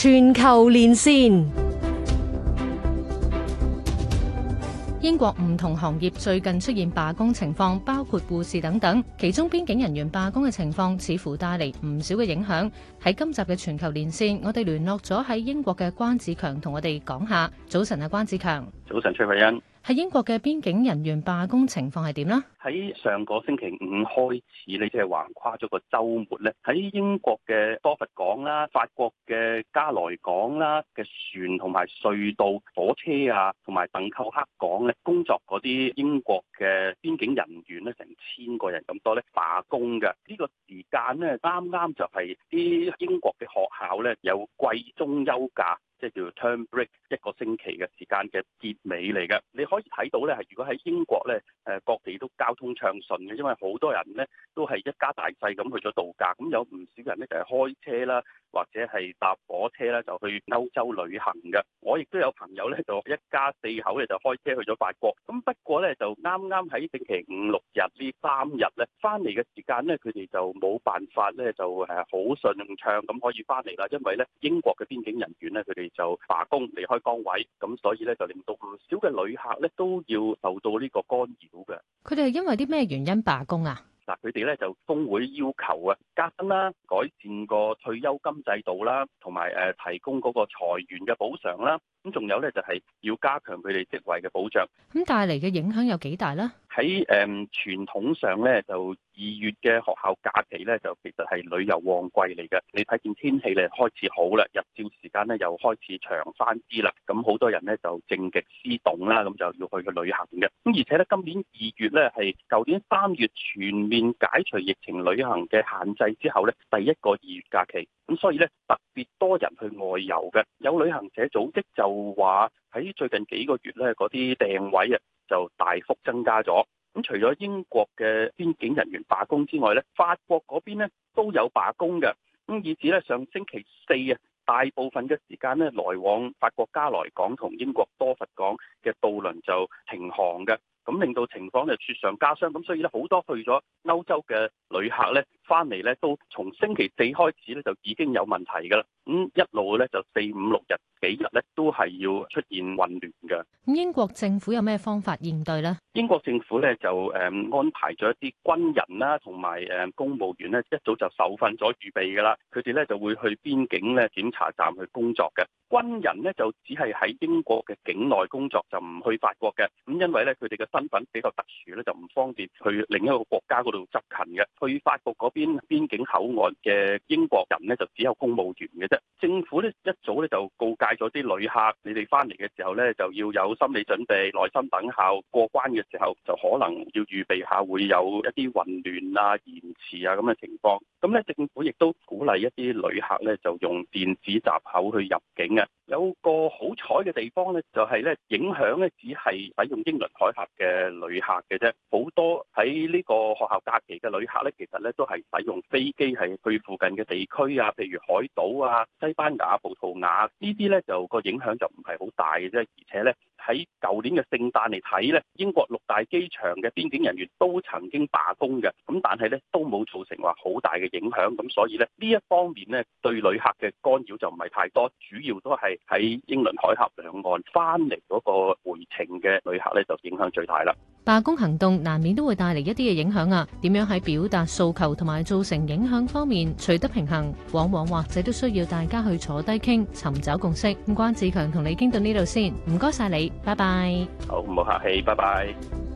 全球連線，英國唔同行業最近出現罷工情況，包括護士等等。其中邊境人員罷工嘅情況，似乎帶嚟唔少嘅影響。喺今集嘅全球連線，我哋聯絡咗喺英國嘅關志強，同我哋講下。早晨啊，關志強。早晨，崔蔚恩。喺英國嘅邊境人員罷工情況係點呢？喺上個星期五開始，你即係橫跨咗個週末咧，喺英國嘅多佛港啦、法國嘅加萊港啦嘅船同埋隧道、火車啊，同埋鄧扣克港咧，工作嗰啲英國嘅邊境人員咧，成千個人咁多咧罷工嘅呢、呢個。時間咧，啱啱就係啲英國嘅學校咧有季中休假，即係叫做 term break 一個星期嘅時間嘅結尾嚟嘅。你可以睇到咧，係如果喺英國咧，誒各地都交通暢順嘅，因為好多人咧都係一家大細咁去咗度假。咁有唔少人咧就係開車啦，或者係搭火車啦，就去歐洲旅行嘅。我亦都有朋友咧就一家四口咧就開車去咗法國。咁不過咧就啱啱喺星期五六日呢三日咧翻嚟嘅時間咧，佢哋就。冇辦法咧，就誒好順暢咁可以翻嚟啦，因為咧英國嘅邊境人員咧，佢哋就罷工離開崗位，咁所以咧就令到唔少嘅旅客咧都要受到呢個干擾嘅。佢哋係因為啲咩原因罷工啊？嗱，佢哋咧就工會要求啊加薪啦、改善個退休金制度啦、同埋誒提供嗰個裁員嘅補償啦，咁仲有咧就係要加強佢哋職位嘅保障。咁帶嚟嘅影響有幾大咧？喺誒、嗯、傳統上咧，就二月嘅學校假期咧，就其實係旅遊旺季嚟嘅。你睇見天氣咧開始好啦，日照時間咧又開始長翻啲啦。咁好多人咧就靜極思動啦，咁就要去去旅行嘅。咁而且咧今年二月咧係舊年三月全面解除疫情旅行嘅限制之後咧，第一個二月假期，咁所以咧特別多人去外遊嘅。有旅行社組織就話喺最近幾個月咧嗰啲訂位啊。就大幅增加咗。咁除咗英國嘅邊境人員罷工之外咧，法國嗰邊咧都有罷工嘅。咁以至咧上星期四啊，大部分嘅時間咧來往法國加萊港同英國多佛港嘅渡輪就停航嘅。咁令到情況就雪上加霜。咁所以咧好多去咗歐洲嘅旅客咧。翻嚟咧，都從星期四開始咧，就已經有問題噶啦。咁一路咧就四五六日幾日咧，都係要出現混亂嘅。英國政府有咩方法應對呢？英國政府咧就誒安排咗一啲軍人啦，同埋誒公務員呢，一早就受訓咗預備噶啦。佢哋咧就會去邊境咧檢查站去工作嘅。軍人呢，就只係喺英國嘅境內工作，就唔去法國嘅。咁因為咧佢哋嘅身份比較特殊咧，就唔方便去另一個國家嗰度執勤嘅。去法國嗰邊邊邊境口岸嘅英國人咧，就只有公務員嘅啫。政府咧一早咧就告誡咗啲旅客，你哋翻嚟嘅時候咧就要有心理準備，耐心等候過關嘅時候就可能要預備下會有一啲混亂啊、延遲啊咁嘅情況。咁咧政府亦都鼓勵一啲旅客咧就用電子閘口去入境嘅。有個好彩嘅地方咧就係咧影響咧只係使用英倫海峽嘅旅客嘅啫，好多喺呢個學校假期嘅旅客咧其實咧都係使用飛機，係去附近嘅地區啊，譬如海島啊。西班牙、葡萄牙呢啲呢，就個影響就唔係好大嘅啫，而且呢，喺舊年嘅聖誕嚟睇呢，英國六大機場嘅邊境人員都曾經罷工嘅，咁但係呢都冇造成話好大嘅影響，咁所以呢，呢一方面呢，對旅客嘅干擾就唔係太多，主要都係喺英倫海峽兩岸翻嚟嗰個回程嘅旅客呢，就影響最大啦。罷工行動難免都會帶嚟一啲嘅影響啊，點樣喺表達訴求同埋造成影響方面取得平衡，往往或者都需要大家去坐低傾，尋找共識。嗯、關志強同你傾到呢度先，唔該晒你，拜拜。好，唔好客氣，拜拜。